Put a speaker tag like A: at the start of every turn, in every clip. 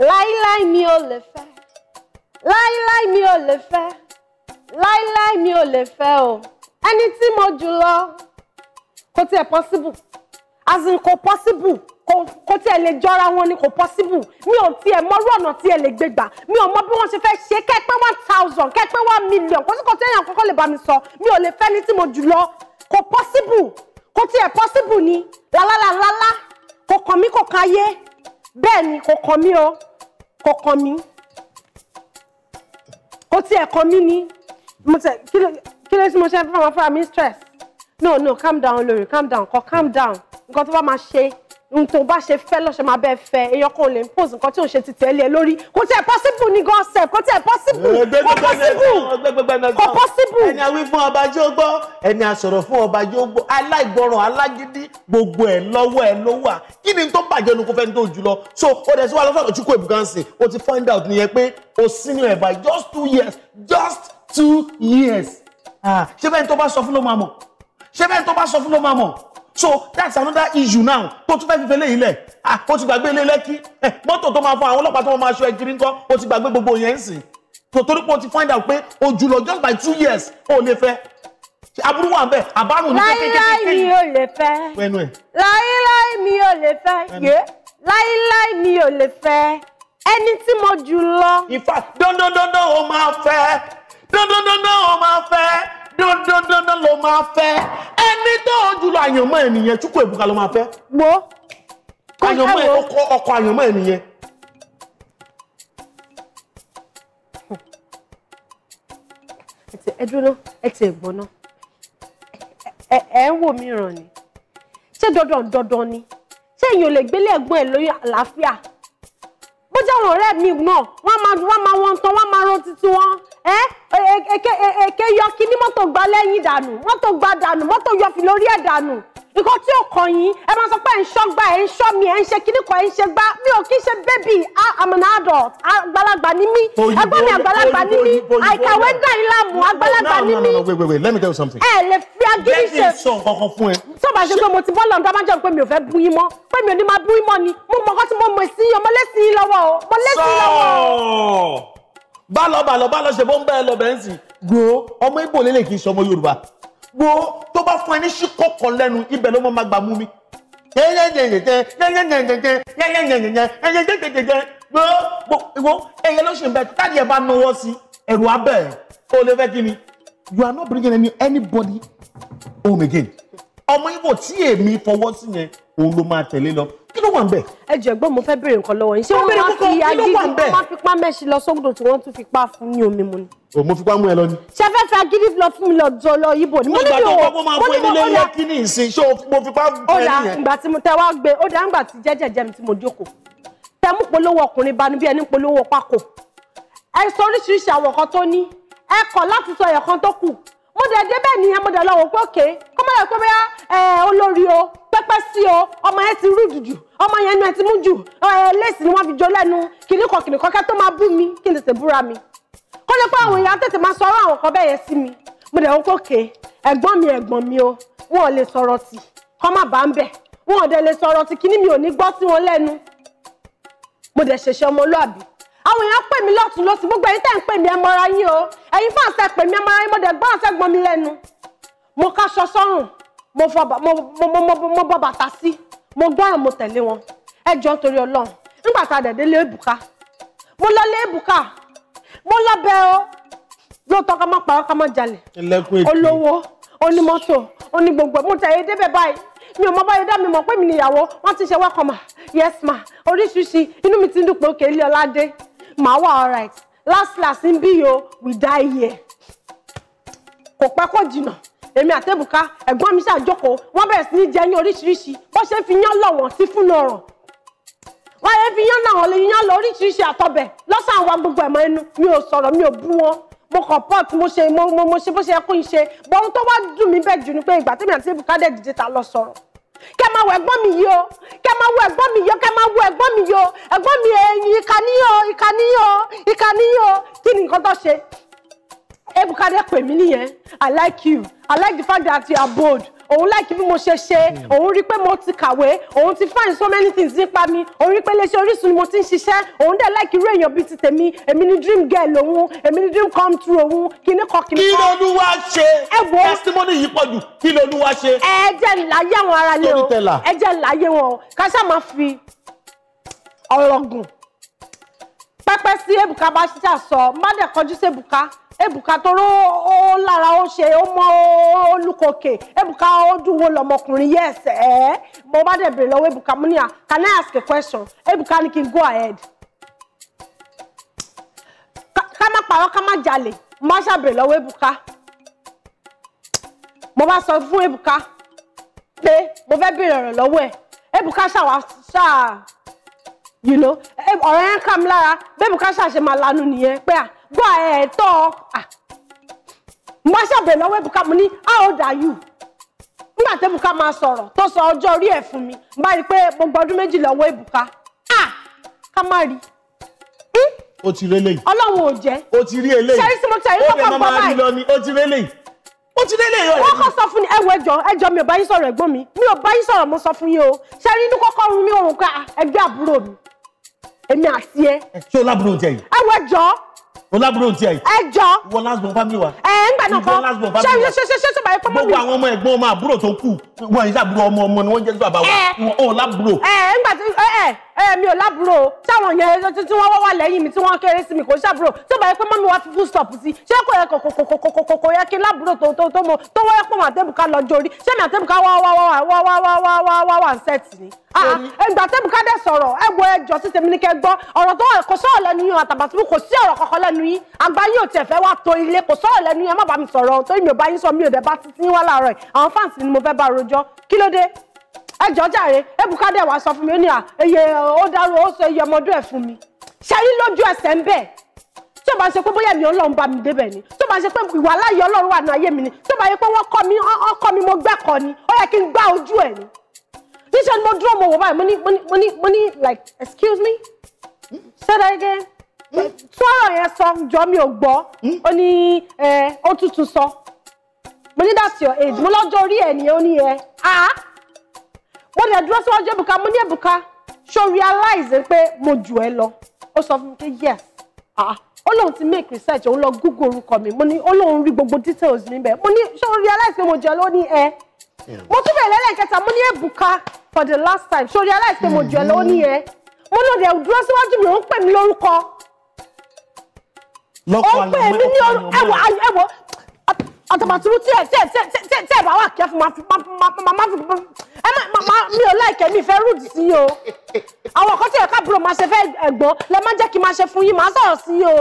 A: láíláí mi ò lè fẹ́ láíláí mi ò lè fẹ́ láíláí mi ò lè fẹ́ o ẹni tí mo jù lọ possible azin ko possible ko tí ẹ lè jọra wọn ni ko possible mi ò tiẹ̀ mọ irú ọ̀nà ti e lè gbé gbà mi ò mọ bí wọ́n ṣe fẹ́ ṣe kẹ́pẹ́ one thousand kẹ́pẹ́ one million kò sí kò tí èèyàn kọ́kọ́ lè mi sọ mi ò lè fẹ́ ní tí mo jù lọ possible ko ti e possible ni la la la la kò kan ayé bẹ́ẹ̀ ni kò kàn mí o ko kàn mí kò tí ẹ kàn mí ni mo tẹ kí ló tí mo ṣe fún àwọn fúnra mi stress no no calm down olórí calm down ko calm down nǹkan tó bá máa ṣe n tó bá ṣe fẹ́ lọ́ṣẹ̀ máa bẹ́ẹ̀ fẹ́ èèyàn kan ò lè impose
B: nǹkan tí ò ṣe ti tẹ̀lé ẹ lórí kò tí ẹ̀ possible ní gọ́ọ̀sẹ̀ kò tí ẹ̀ possible eh, kò possible kò possible. ẹni àwí fún ọba tí gbọ́ ẹni àsọ̀rọ̀ fún ọba tí gbọ́ aláìgbọràn alágídí gbogbo ẹ̀ lọ́wọ́ ẹ̀ ló wà kí ni tó bàjẹ́ nu kó fẹ́ tó jù so ó dẹ̀ sí wa lọ́sọ̀rọ̀ chukwu ebukansi o ti find out nìyẹn pé o senior ah, ṣé bẹ́ẹ̀ tó bá sọ fún ló máa mọ̀ ṣé bẹ́ẹ̀ tó bá sọ fún ló máa mọ̀ so that's another issue now tó tún fẹ́ fi fẹ́lẹ́ ilẹ̀ ah ó ti gbàgbé ilé lẹ́kí eh, mọ́tò tó máa fún àwọn ọlọ́pàá tó máa ṣọ ẹ̀kiri ńkọ́ ó ti gbàgbé gbogbo yẹn ń sìn kò torí pé ó ti find out pé ojú lọ just by two years ó lè fẹ́ aburú wà bẹ́ẹ̀ àbárùn ní kékeré
A: láíláí mi ò lè fẹ́ láíláí mi ò lè fẹ́ yé láíláí mi ò lè fẹ́
B: ẹni tí mo jù lọ. in fact dandandandan ó máa fẹ́ dandandandan ó máa fẹ́ dandandandan ló máa fẹ́ jùlọ àyànmọ́ ẹ̀ nìyẹn Chukwu Ebuka ló máa fẹ́. wo àyànmọ́ ẹ̀ ọkọ àyànmọ́ ẹ̀ nìyẹn.
A: ẹ dúró ẹ ti ẹ gbọ́ná ẹ ẹ ń wò mí ràn ni ṣé dandan dandan ni ṣé èèyàn ò lè gbélé ẹ̀gbọ́n ẹ̀ lórí àlàáfíà jẹ́ àwọn ọ̀rẹ́ mi náà wọ́n máa wọ́n máa wọ́n tán wọ́n máa ro títí wọn ẹ́ èké yọ kí ní mọ́tò gba lẹ́yìn dànù mọ́tò gba dànù mọ́tò yọ fi lórí ẹ̀ dànù nǹkan tí ò kàn yín ẹ máa sọ pé ẹ ń ṣọ́gbà ẹ ń ṣọ́ mi ẹ ń ṣe kíní kan ẹ ń ṣe gbá mi ò kí ń ṣe bébì i'm an adult àgbàlagbà ni mí ẹgbọ́n mi àgbàlagbà ni mí àìkàwé dà yín láàmú àgbàlagbà ni
B: mí. wait wait wait let me tell you something.
A: ẹ lè fi agídí ṣe. jẹ́ kí n sọ nǹkan kan fún ẹ. tó bá ṣe pé mo ti bọ́ lọ́n tó bá jẹ́ pé mi ò fẹ́ bú yín mọ́ pé mi ò ní máa bú yín mọ́ ni mo mọ̀ kọ́ tí mo mọ̀ sí ọmọlẹ́sìn yín lọ́wọ́ o ọmọlẹ́sìn lọ́wọ́
B: o. bá lọ bá lọ bá lọ ṣe bó ń bá lọ bẹ́ẹ̀ ń sìn. gro ọmọ ibo lélẹ̀ kì Yorùbá wo tó bá fún ẹ ní ṣíkọ̀kọ̀ lẹ́nu ibẹ̀ ló mọ́ máa gbà mú mi. ẹyẹ ló ṣe ń bẹ táàdì ẹ bá náwó sí ẹrù abẹ ẹ lè fẹ́ kí ni you are not bringing any anybody home again ọmọ ibo tí èmi fọwọ́ sí yẹn òun ló máa tẹ̀lé lọ kí ló wà ń bẹ̀. ẹ jẹ́ gbọ́ mo fẹ́ béèrè nǹkan lọ́wọ́ yín ṣé wọ́n máa fi agídí wọ́n máa fi pa
A: mẹ́sì lọ sódò tí wọ́n tún fi pa fún ní omi mu ni.
B: o mo fi pa mú ẹ lọ ni.
A: ṣe fẹ́ fi agídí lọ fún mi lọ jọ lọ yíbo ni. mo ní mi ò mo ní mi ò yà kí ni ìsìn ṣé mo fi pa mú ẹ nìyẹn. ó dà ńgbà tí mo tẹ wá gbé ó dà ńgbà tí jẹ́jẹ̀jẹ̀ mi tí mo jókòó tẹ mú polówó ọkùnrin bá ní bí ẹni polówó pákó ẹ sọ oríṣiríṣi àwọn kan tó ní ẹ kọ̀ láti sọ ẹ̀yọ̀ kan tó kù mo dẹ̀ débẹ̀ nìyẹn mo dẹ̀ lọ wò pé òkè kọ́mọ́dà pé bẹ́ẹ̀ olórí o sí o ọmọ yẹn ti rú jùjù ọmọ yẹn nu ẹ ti mú jù ẹ léèsì ni wọ́n fi jọ lẹ́nu kìnnìkan kìnnìkan kẹ́ tó máa bú mi kí n tètè búra mi kó lè pé àwọn èèyàn tètè máa sọ ọ̀rọ̀ àwọn kan bẹ́ẹ̀ yẹn sí mi mo dẹ̀ ń kókè ẹ̀gbọ́n mi ẹ̀gbọ́n mi o wọn ò lè sọ̀rọ̀ tì kọ́ má bàa ń bẹ̀ wọn ò dẹ̀ lè sọ̀rọ̀ tì kíní mi ò ní gbọ́ sí wọn lẹ́nu mo dẹ̀ ṣẹ̀ṣẹ̀ ọmọlúàbí àwọn èèyàn pè mí lọ́tún lọ́sí gbogbo ẹ̀yin tẹ́ ń pè mí ẹ yín o ẹ̀yin fáǹsẹ̀ pè mí ẹ yín mo dẹ̀ gbọ́ àṣẹ́gbọ́n mi lẹ́nu mo káṣọ sọ́rùn mo fọ mo mo mo mo bọ́ bàtà sí mo gbọ́ràn mo tẹ̀lé wọn ẹ jọ torí ọlọ́run nígbà tá a dẹ̀ délé èbùká mo lọ lé èbùká mo lọ bẹ ọ lóòótọ́ ká má parọ́ ká má jalè olówó onímọ́tò oní gbogbo mo tẹ̀yẹ débẹ̀ báyìí mi ò mọ báyìí dá mi mọ̀ pé mi nìyàwó wọ́n ti ṣe wẹ́kọ̀mà yes ma oríṣiríṣi inú mi ti ń dùn pé òkè ilé ọlá dé màá wà alright last last ń bí yo we die here kò pẹ́ kó jìnnà èmi àtẹ́bùká ẹ̀gbọ́n mi ṣàjókòó wọ́n bẹ̀rẹ̀ sí ní jẹ ní oríṣiríṣi bó ṣe fi yán lọ̀ wọ́n sí fún ọ̀ràn wọ́n yẹn fi yán náà lè yán lọ oríṣiríṣi àtọbẹ̀ lọ́sàn-án wa gbogbo ẹ̀mọ́ inú mi ò sọ̀rọ̀ mi ò bú wọn mo kàn pọ́ọ̀tù mo ṣe mo mo ṣe bó ṣe yẹ kó n ṣe bọ́n tó wá dùn mí bẹ́ẹ̀ jù ni pé ìgbà tèmi àti ibùkádẹ́ dìde ta lọ sọ̀rọ̀ kẹ máa wọ ẹ̀gbọ́n mi yìí o kẹ máa wọ ẹ̀gbọ́n mi yìí o kẹ máa wọ ẹ̀gbọ́n mi yìí o ẹ̀gbọ́n mi ẹ̀yìn ìkànnì o ìkànnì o ìkànnì o kí ni nǹkan tó ṣe Ebuka pè mí nìyẹn I like you I like the fact that you are bold òun like bí mo ṣe ṣe òun rí pé mo ti kàwé òun ti find so many things nípa mi òun rí pé iléeṣẹ́ Orísun ni mo ti ń ṣiṣẹ́ òun dẹ̀ like irú èèyàn bíi ti tèmi èmi ni dream girl òun èmi ni dream come true òun kíní kọ kíní kọ. kí ló ló wá ṣe testimony yìí pọ̀ jù kí ló ló wá ṣe. ẹ jẹ́ ń láyé àwọn ará lé o ẹ jẹ́ ń láyé wọn o ká ṣáà máa fi ọ̀rọ̀ gùn pẹ́pẹ́ sí Ebuka bá ṣiṣẹ́ àsọ má dẹ̀ kọjú sí Ebuka Ebuka toro ó lára ṣe ó mọ olùkókè Ebuka ó dúró lọmọkùnrin yes ẹ eh? mo bá dẹ̀ bèrè lọ́wọ́ Ebuka mo ní à ah, can I ask a question Ebuka ní kí n go ahead ká má parọ́ ká má jalè mo bá ṣàbèrè lọ́wọ́ Ebuka mo bá sọ fún Ebuka pé mo fẹ́ bèrè ọ̀rọ̀ lọ́wọ́ ẹ̀ Ebuka ṣàwà ṣáà you know ọ̀rọ̀ yẹn kà mí lára bẹ́ẹ̀ Ebuka ṣàṣe máa lanu nìyẹn pé à. Ah, gba ẹ̀tọ́ ah. má ṣàbẹ̀ lọ́wọ́ Ebuka mo ní how old are you nígbà tí Ebuka máa sọ̀rọ̀ tó sọ ọjọ́ orí ẹ̀ fún mi bá rí i pé mo gba ọdún méjì lọ́wọ́ Ebuka ah, ká má rí
B: i. Hm? o ti rí eléyìí.
A: ọlọ́run ò jẹ́. o ti rí eléyìí. ṣẹ́rí sí mo tẹ̀lé lọ́kàn gbọ́ báyìí. o ti rí eléyìí ó ti délé yọ. wọ́n kọ́ sọ fún mi ẹ̀wọ̀ ẹ̀jọ̀ ẹ̀jọ̀ mi ò bá yín sọ̀rọ̀ ẹ̀gbọ́n mi mi ò bá yín sọ̀rọ̀ mo sọ fún yín o ṣe rí inú kọ́kọ́ run mi òun ká ah, ẹgbẹ́ mi èmi
B: àti ẹ. ṣé o lábúrò olábùrò ti ẹ. ẹ jọ ìwọ last born family wa. ẹ ń gbà náà kọ ìwọ last born family wa. ṣé ṣé ṣé ṣé bàbá ẹ̀kọ́ mọ́ mi. gbogbo àwọn ọmọ ẹ̀gbọ́n ọmọ àbúrò tó kù wọn ìṣàbúrò ọmọ ọmọ ni wọ́n jẹ́ sí bàbá wa. ẹ ẹ ń gbà tó ẹ ẹ mi ò lábúrò táwọn yẹn
A: tí wọ́n wá wà lẹ́yìn mi tí wọ́n kéré sí mi kò ṣàbúrò tí ó bá yẹ pé mọ́mí wa fi full stop sí ṣé kò yẹ kò yẹ kí n lábúrò tó tó tó mọ tó wọ́yẹ pọ̀ màtẹ́bùká lọ́jọ́ orí ṣé màtẹ́bùká wá wá wá wá wá wá wá wá wá wá sẹ́ẹ̀tì ni. Ah, ìgbà tẹ́bùká dẹ̀ sọ̀rọ̀ ẹ wo ẹjọ́ sí tèmi ní kẹ́ gbọ́ ọ̀rọ̀ tó kò sọ̀rọ̀ lẹ́nu yín àtàbàtúbù kò sí ọ̀rọ̀ kankan lẹ́nu yín àgbà yín ò tiẹ̀ fẹ́ wá to ilé kò sọ̀rọ̀ lẹ́nu yín ẹ má bàa mi sọ̀rọ̀ torí mi ò bá yín sọ mi ò dẹ̀ bá títí wá láàárọ̀ àwọn fáǹsì ni mo fẹ́ bá rojọ́ kí ló dé ẹ jọ jàre Ebuka dẹ̀ wá sọ fún mi ó ní à eye ó dárò ó sọ iye ọmọdún ẹ̀ fún mi ṣe rí lójú ẹsẹ̀ ń bẹ̀ tó bá ṣe pé bóyá mi Ọlọ́run bá mi débẹ̀ ni tó bá ṣe pé ìwà láyé Ọlọ́run wà ní ayé mi ni tó bá yẹ pé wọ́n kọ́ mi wọ́n kọ́ mi mo gbẹ́kọ̀ọ́ ni ó yẹ kí n gbá ojú ẹ̀ ni níṣẹ́ ni mo dúró mo wò báyìí mo ní mo ní mo ní mo ní like excuse me say that again sọ̀rọ̀ yẹn sọ jọ mi ò gbọ́ ó ní ó tútù sọ mo ní that's your age mo lọ́jọ́ orí ẹ̀ nìyẹn ó ní ẹ̀ ah mo dẹ̀ dúró síwájú Ebuka mo ní Ebuka ṣo realize pé mo jù ẹ lọ ó sọ fún mi pé yes ah, ó lóun ti make research òun lọ google orúkọ mi mo ní ó lóun rí gbogbo details mi bẹ́ẹ̀ mo ní ṣo realize pé mo jù ẹ lọ ní ẹ mo tún bẹ̀rẹ̀ lẹ́lẹ́kẹta mo ní Ebuka for the last time ṣo realize pé mo jù ẹ lọ ní ẹ mo lọ dẹ̀ dúró síwájú mi òun pè mí lórúkọ
B: ó pè mí ní ẹwọ
A: ẹwọ àtàbàtúrú tí ẹ tí ẹ tí ẹ tí ẹ bá wà kẹ́ fún ma fi ma ma fi ẹ má ma mi ò láìkẹ́ mi fẹ́ rúdì sí o àwọn nǹkan tí ẹ káàbùrò máa ṣe fẹ́ ẹ̀gbọ́n lẹ má jẹ́ kí n máa ṣe fún yín máa sọ̀rọ̀ sí o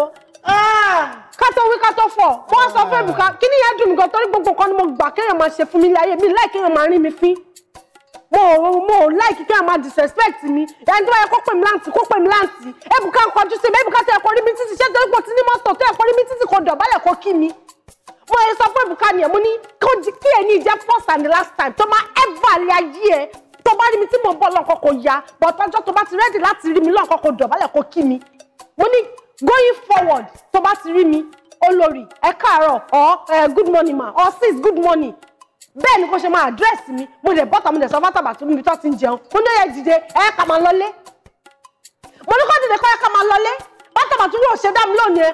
A: ká tó wí ká tó fọ̀ mo wá sọ fún ẹ̀bùkà kí ni ìyá dùn mí gan torí gbogbo nǹkan ni mo gbà kéèyàn máa ṣe fún mi láyé mi láì kéèyàn máa rí mi fín mo ò mo ò láìkí kéèyàn máa disrespect mi ẹni tó bá yẹ kó pè mí láǹtì kó pè mí láǹtì ẹ̀bùkà ń kọjú sí mi ẹ̀bùkà tó yẹ rí mi títì ṣé torí pé o ní mọ́tò tó yẹ rí mi títì kó dọ̀bálẹ̀ kó kí mi fún ẹ sọ fún ìbùkà ni ẹ mo ní kí ẹ ní first and last time tó máa ever lé ayé ẹ tó bá rí mi tí mo bọ́ lọ́kọ̀ kò ya but ọjọ́ tó bá ti rẹ́dì láti rí mi lọ́kọ̀ kò dọ̀bálẹ̀ kò kí mi mo ní going forward tó bá ti rí mi olórí ẹ káàárọ̀ ọ good morning ma ọ sis good morning bẹ́ẹ̀ ni kò ṣe máa address mi mo lè bọ́tà mo lè sọ bàtà bàtà mi tó ti ń jẹun mo ní ó dìde ẹ ká máa lọlé mo ní kó dìde kó ẹ ká máa lọlé bàtà bàtà mi ṣe dá mi lónìí ẹ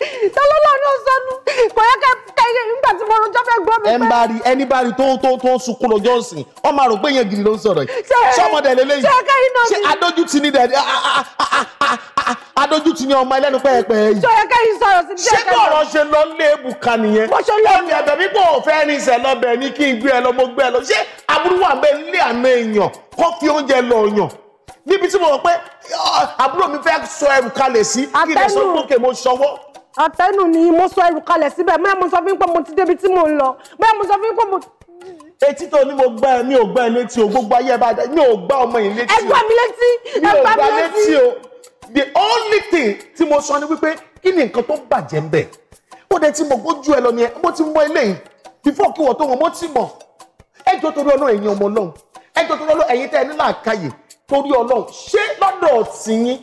A: ta ló
B: tó tó tó sunkún lọ́jọ́ ìsìn wọ́n máa rò pé yẹn gidi ló ń sọ̀rọ̀ yìí sọ́mọdé lélẹ́yìn ṣé adójútì ni dẹ̀ adójútì ni ọmọ ẹlẹ́nu pẹ́ẹ́pẹ́ yìí. ṣé ọ̀yẹ́kẹ́ ṣe lọ lé èbùkà nìyẹn. mo ṣe mi kò fẹ́ ní ìṣẹ̀ lọ́bẹ̀ ni kí n gbé ẹ lọ mo gbé ẹ lọ ṣé aburú wà bẹ́ẹ̀ nílé àná èèyàn kó fi oúnjẹ lọ yàn níbi tí mo rò pé àbúrò mi fẹ́ sọ ẹrù kalẹ̀ sí kí n lè sọ pé mo ṣọwọ́ àtẹnu ni mo sọ ẹrù kalẹ̀ síbẹ̀ mẹ́ẹ̀ mo sọ fún pé mo ti débi tí mo ń lọ mẹ́ẹ̀ mo sọ fún pé mo. etí tó ní mo gbá ẹ mi ò gbá ẹ létí o gbogbo ayé bá mi ò gbá ọmọ yìí létí o ẹ mi létí ẹ mi létí o the only thing tí mo sọ ni wípé kí ni nǹkan tó bàjẹ́ ń bẹ̀ ó dẹ tí mo gbójú ẹ lọ ni ẹ mo ti mọ eléyìí before kí wọ́n tó wọn mo ti mọ̀ ẹ jọ torí ọlọ́run ẹ̀yin ọmọ ọlọ́run ẹ jọ torí ọlọ́run ẹ̀yin tẹ́ ẹ ní làákàyè torí ọlọ́run ṣé lọ́dọ̀ ọ̀sìn yín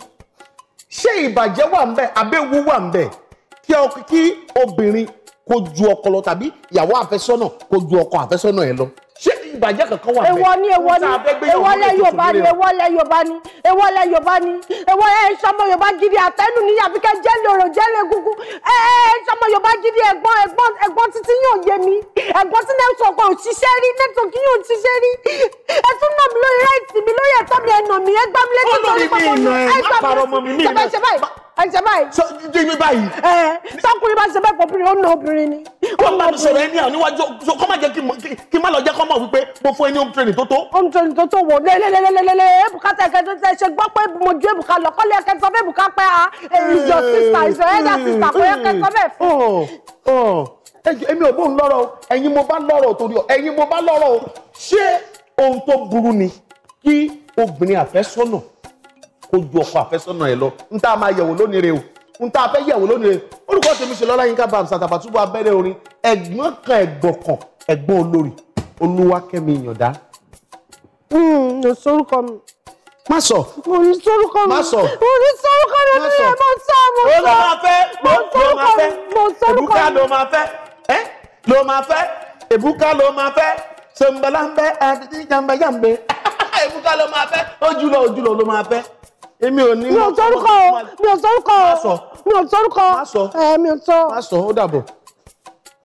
B: ṣé ìbàjẹ́ wà ń bẹ̀ àbẹ́wò wà ń bẹ̀ kí obìnrin kó ju ọkọ lọ tàbí ìyàwó àfẹ́sọ́nà kó ju ọkọ àfẹ́sọ́nà ẹ lọ ṣé ìbàjẹ́ kankan wà bẹ́ẹ̀. ewọ ni ewọ ni ewọ lẹ yorùbá ni ewọ
A: lẹ yorùbá ni ewọ lẹ yorùbá ni ewọ ẹ sọmọ yorùbá gidi àtẹnu ní àfikẹ jẹlẹrọ jẹlẹgungun ẹ ẹ sọmọ yorùbá gidi ẹ̀gbọ́n ẹ̀gbọ́n ẹ̀gbọ́n títí yóò yé mi ẹ̀gbọ́n tí nẹtọọkọ ò ṣiṣẹ́ rí nẹtọọkì yóò ṣiṣẹ́ rí ẹ tún nà mi lórí ẹ̀tọ́ mi mí ẹ gbá mi létí mi ẹ gbá mi létí ẹ ṣe báyìí. sọ jẹ́ mi báyìí. ẹ tọkùnrin
B: bá ṣe bẹ́ẹ̀ pọ̀ obìnrin ó na obìnrin ni. wọ́n máa ń sọ̀rọ̀ ẹni àwọn níwájú so kọ́ máa jẹ́ kí n má lọ jẹ́ kọ́ mọ̀ wípé mo fún ẹni home training tó tó. home training tó tó wò lélelelelele ebuka
A: tẹ kẹtọ tẹ ṣe gbọ́ pé
B: mo ju ebuka lọ kọ́lé ẹkẹ sọ fún ebuka pé a ah, is eh, your sister is your elder sister kò yẹ kẹ sọ bẹ́ẹ̀ fún. Oh, oh, oh. èmi ò bóun lọ́rọ̀ ẹ̀yin mo bá lọ́rọ̀ torí ọ ẹ̀yin mo bá lọ́rọ̀ ṣé ohun tó burú ni kí obìnrin àfẹ́sọ́nà ó ju ọkọ àfẹ́sọ́nà ẹ lọ ń tá máa yẹ̀wò lónìí rẹ o ń tá a fẹ́ lónìí rẹ olùkọ́ tèmi ṣe lọ́lá yínká bàbá Àtàbàtúbú abẹ́rẹ́ orin ẹ̀gbọ́n kan ẹ̀gbọ́n kan ẹ̀gbọ́n olórí Olúwakẹ́mi Ìyàndá.
A: mo hmm, sórúkọ mi. má sọ. mo ní
B: sórúkọ mi. má sọ. mo ní sórúkọ mi ní ẹ̀ mo sọ mo sọ. ó máa fẹ́ mo sórúkọ mi èbúká ló máa fẹ́ ẹ́ ló máa fẹ́ èbúká ló máa fẹ́ sọ̀nbàlà àti jàǹbá èbúká ló máa fẹ́ ojúlọ ojúlọ ló máa fẹ́ èmi ò ní. mi ò sọrúkọ o mi ò sọrúkọ o mi ò sọrúkọ o mi ò sọ. má sọ ó dàbọ̀.